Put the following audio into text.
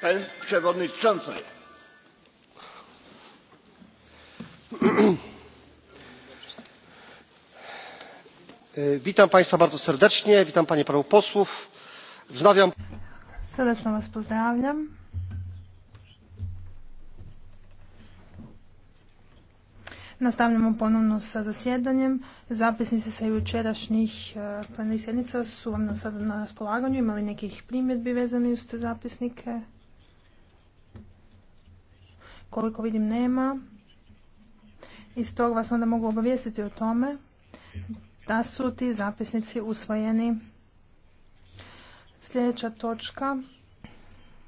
pani przewodnicząca! witam państwa bardzo serdecznie witam panie i panów posłów. wznawiam. serdecznie was pozdrawiam. Nastavljamo ponovno sa zasjedanjem. Zapisnici sa jučerašnjih eh, plenarnih sjednica su vam sada na raspolaganju. Imali nekih primjedbi vezani uz te zapisnike? Koliko vidim nema. I toga vas onda mogu obavijestiti o tome da su ti zapisnici usvojeni. Sljedeća točka